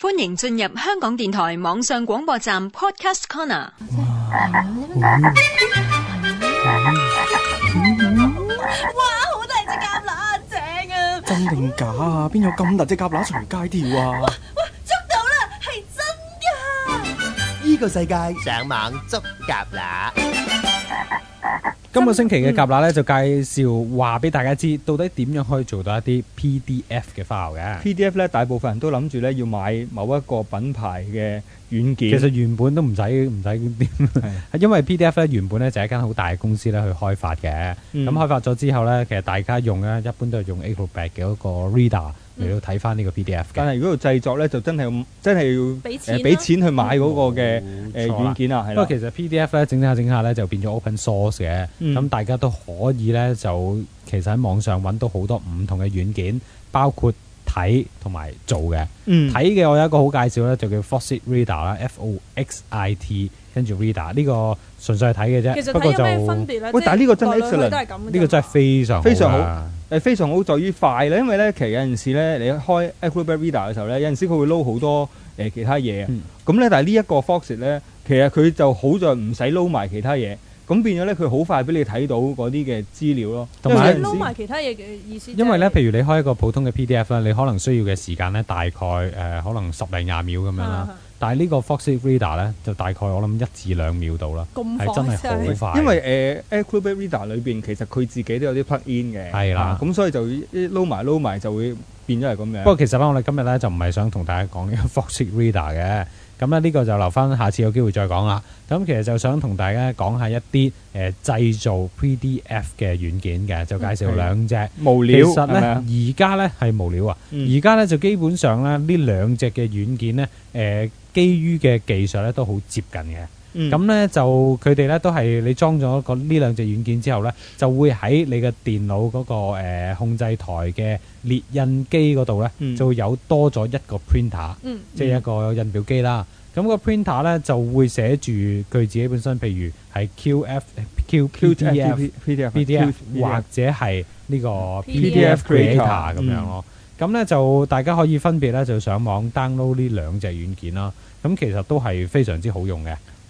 歡迎進入香港電台網上廣播站 Podcast Corner。哇，嗯嗯嗯，哇，好大隻蛤乸正啊！真定假啊？邊有咁大隻蛤乸隨街跳啊？哇，捉到啦，係真噶！呢個世界上網捉蛤乸。 今個星期嘅夾喇咧，就介紹話俾大家知，到底點樣可以做到一啲 PD PDF 嘅 file 嘅。PDF 咧，大部分人都諗住咧要買某一個品牌嘅軟件。其實原本都唔使唔使點， 因為 PDF 咧原本咧就係一間好大嘅公司咧去開發嘅。咁、嗯、開發咗之後咧，其實大家用咧一般都係用 Acrobat 嘅嗰個 Reader。你要睇翻呢個 PDF 但係如果要製作咧，就真係真係要誒俾錢，啊呃、錢去買嗰個嘅誒軟件啊，係不過其實 PDF 咧整下整下咧就變咗 open source 嘅，咁、嗯、大家都可以咧就其實喺網上揾到好多唔同嘅軟件，包括睇同埋做嘅。睇嘅、嗯、我有一個好介紹咧，就叫 f, ader, Foxit Reader 啦，F O X I T 跟住 Reader 呢個純粹係睇嘅啫。其實有咩分別咧？欸、不過就喂，但係呢個真係，呢個真係非常非常好。誒非常好在於快咧，因為咧其實有陣時咧你開 Acrobat Reader 嘅時候咧，有陣時佢會撈好多誒、呃、其他嘢，咁咧、嗯、但係呢一個 Foxit 咧，其實佢就好在唔使撈埋其他嘢。咁變咗咧，佢好快俾你睇到嗰啲嘅資料咯，同埋撈埋其他嘢嘅意思。因為咧，是譬如你開一個普通嘅 PDF 咧，你可能需要嘅時間咧，大概誒、呃、可能十零廿秒咁樣啦。啊、但係呢個 Foxit Reader 咧，就大概我諗一至兩秒度啦，係真係好快。快因為誒，Acrobat、呃、Reader 裏邊其實佢自己都有啲 plug in 嘅，係啦的。咁、啊、所以就撈埋撈埋就會變咗係咁樣。不過其實咧，我哋今日咧就唔係想同大家講呢個 Foxit Reader 嘅。咁咧呢個就留翻下，下次有機會再講啦。咁其實就想同大家講一下一啲誒、呃、製造 PDF 嘅軟件嘅，就介紹兩隻 okay, 無料，得咧。而家咧係無料啊！而家咧就基本上咧呢兩隻嘅軟件咧，誒、呃、基於嘅技術咧都好接近嘅。咁咧、嗯、就佢哋咧都係你裝咗個呢兩隻軟件之後咧，就會喺你嘅電腦嗰、嗰個、呃、控制台嘅列印機嗰度咧，嗯、就會有多咗一個 printer，嗯嗯、即係一個印表機啦。咁、嗰個 printer 咧就會寫住佢自己本身，譬如係 QF、啊、Q、QTF、PDF 或者係呢個 PDF Creator PDF Creator 咁、嗯、樣咯。咁咧就大家可以分別咧就上網 download 呢兩隻軟件啦。咁其實都係非常之好用嘅。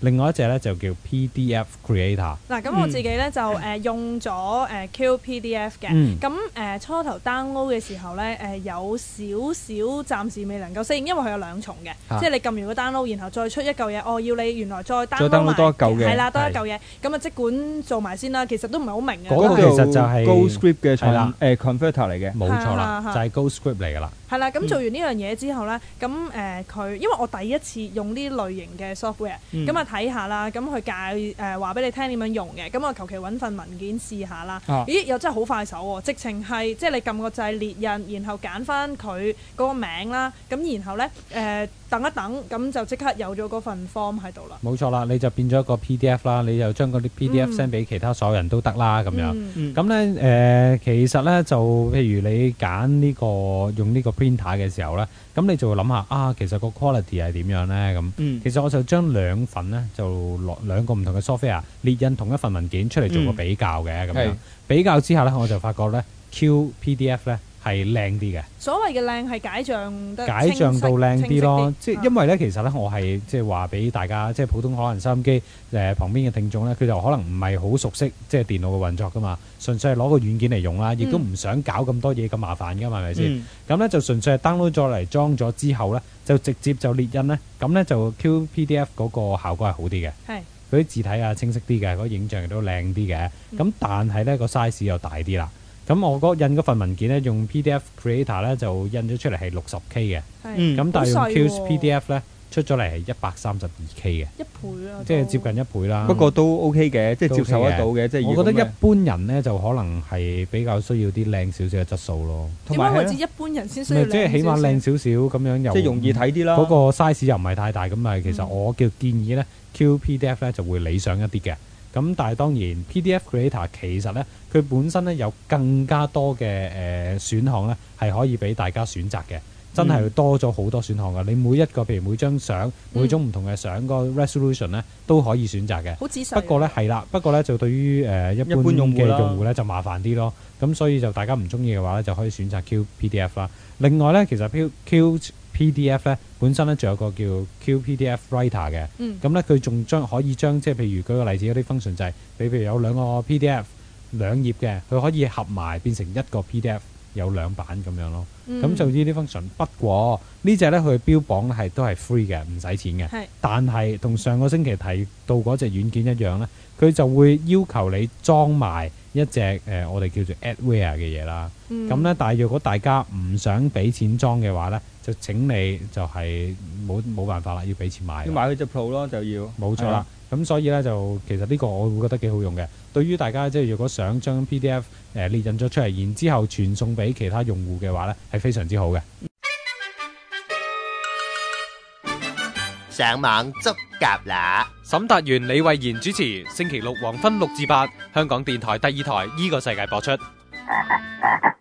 另外一隻咧就叫 PDF Creator。嗱咁我自己咧就誒用咗誒 QPDF 嘅。咁誒初頭 download 嘅時候咧誒有少少暫時未能夠適應，因為佢有兩重嘅，即係你撳完個 download，然後再出一嚿嘢，哦要你原來再 download 多一嚿嘅。係啦，多一嚿嘢。咁啊，即管做埋先啦，其實都唔係好明嘅。嗰套其實就係 GoScript 嘅誒 converter 嚟嘅，冇錯啦，就係 GoScript 嚟噶啦。係啦，咁做完呢樣嘢之後咧，咁誒佢因為我第一次用呢類型嘅 software，咁啊。睇下啦，咁佢介誒話俾你聽點樣用嘅，咁、嗯、我求其揾份文件試下啦。啊、咦，又真係好快手喎！直情係即係你撳個掣列印，然後揀翻佢嗰個名啦，咁然後咧誒、呃、等一等，咁、嗯、就即刻有咗嗰份 form 喺度啦。冇錯啦，你就變咗一個 PDF 啦，你就將嗰啲 PDF send 俾其他所有人都得啦，咁、嗯、樣。咁咧誒，其實咧就譬如你揀呢、呢個用呢個 printer 嘅時候咧，咁你就會諗下啊，其實個 quality 係點樣咧？咁其實我就將兩份、嗯。就落兩個唔同嘅 software 列印同一份文件出嚟做個比較嘅咁、嗯、樣，是比較之下咧，我就發覺咧 Q PDF 咧。係靚啲嘅，所謂嘅靚係解像得清晰，清晰啲咯。即係因為咧，其實咧，我係即係話俾大家，即係普通可能收音機誒，旁邊嘅聽眾咧，佢就可能唔係好熟悉即係電腦嘅運作噶嘛，純粹係攞個軟件嚟用啦，亦都唔想搞咁多嘢咁麻煩噶嘛，係咪先？咁咧就純粹係 download 咗嚟裝咗之後咧，就直接就列印咧，咁咧就 QPDF 嗰個效果係好啲嘅，係啲字體啊清晰啲嘅，嗰個影像亦都靚啲嘅，咁但係咧個 size 又大啲啦。咁我印嗰份文件咧，用 PDF Creator 咧就印咗出嚟係六十 K 嘅，咁的但係用 q、S、PDF 咧、啊、出咗嚟係一百三十二 K 嘅，一倍啦，即係接近一倍啦。不過都 OK 嘅，即係接受得到嘅。OK、即係我覺得一般人咧就可能係比較需要啲靚少少嘅質素咯。同埋好似一般人先需要，即係起碼靚少少咁樣又，即係容易睇啲啦。嗰個 size 又唔係太大，咁咪其實我叫建議咧 q PDF 咧就會理想一啲嘅。咁但係當然，PDF Creator 其實呢，佢本身呢有更加多嘅誒、呃、選項呢，係可以俾大家選擇嘅。嗯、真係多咗好多選項㗎。你每一個，譬如每張相，每種唔同嘅相個 resolution 呢，都可以選擇嘅。嗯、不過呢，係啦，不過呢，就對於誒、呃、一,一般用嘅用戶呢，就麻煩啲咯。咁所以就大家唔中意嘅話呢，就可以選擇 Q PDF 啦。另外呢，其實 Q, Q PDF 咧本身咧仲有個叫 QPDF Writer 嘅，嗯，咁咧佢仲將可以將即係譬如舉個例子嗰啲 function 就係，比譬如有兩個 PDF 兩頁嘅，佢可以合埋變成一個 PDF 有兩版咁樣咯。咁、嗯、就知呢封信，不過呢隻咧佢標榜係都係 free 嘅，唔使錢嘅。係。但係同上個星期提到嗰隻軟件一樣呢，佢就會要求你裝埋一隻誒、呃、我哋叫做 adware 嘅嘢啦。咁、嗯、呢，但係如果大家唔想俾錢裝嘅話呢，就請你就係冇冇辦法啦，要俾錢買。要買佢隻 Pro 咯，就要。冇錯啦。咁、嗯、所以呢，就其實呢個我會覺得幾好用嘅，對於大家即係如果想將 PDF 誒、呃、列印咗出嚟，然後之後傳送俾其他用戶嘅話呢。非常之好嘅，上網捉蛤乸！沈達元李慧賢主持，星期六黃昏六至八，香港電台第二台呢個世界播出。